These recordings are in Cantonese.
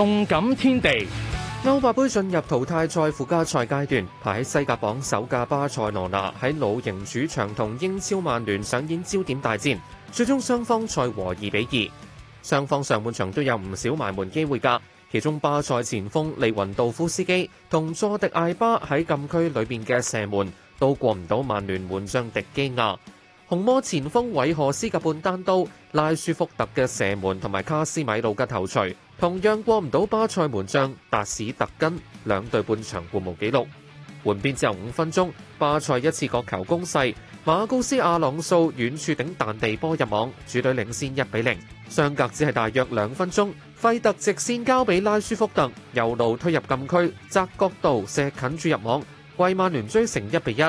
動感天地，歐霸盃進入淘汰賽附加賽階段，排喺西甲榜首架巴塞羅那喺老營主場同英超曼聯上演焦點大戰，最終雙方賽和二比二。雙方上半場都有唔少埋門機會噶，其中巴塞前鋒利雲道夫斯基同佐迪艾巴喺禁區裏邊嘅射門都過唔到曼聯門將迪基亞，紅魔前鋒韋何斯格半單刀、拉舒福特嘅射門同埋卡斯米魯嘅頭錘，同樣過唔到巴塞門將達史特根，兩隊半場互無紀錄。換邊之後五分鐘，巴塞一次角球攻勢，馬高斯阿朗素遠處頂彈地波入網，主隊領先一比零。相隔只係大約兩分鐘，費特直線交俾拉舒福特，右路推入禁區，窄角度射近柱入網，為曼聯追成一比一。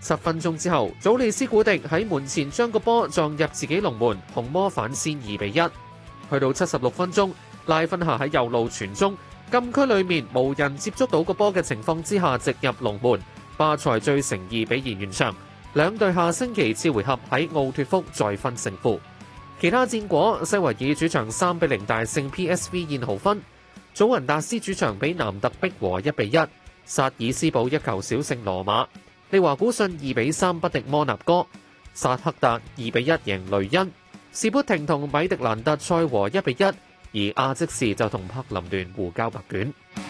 十分鐘之後，祖利斯古迪喺門前將個波撞入自己龍門，紅魔反先二比一。去到七十六分鐘，拉芬夏喺右路傳中，禁區裏面無人接觸到個波嘅情況之下，直入龍門。巴塞追成二比二完場，兩隊下星期次回合喺奧脱福再分勝負。其他戰果：西維爾主場三比零大勝 P.S.V. 燕豪芬；祖雲達斯主場比南特逼和一比一；薩爾斯堡一球小勝羅馬；利華古信二比三不敵摩納哥；薩克達二比一贏雷恩；士砵亭同米迪蘭特賽和一比一。1, 而阿積士就同柏林聯互交白卷。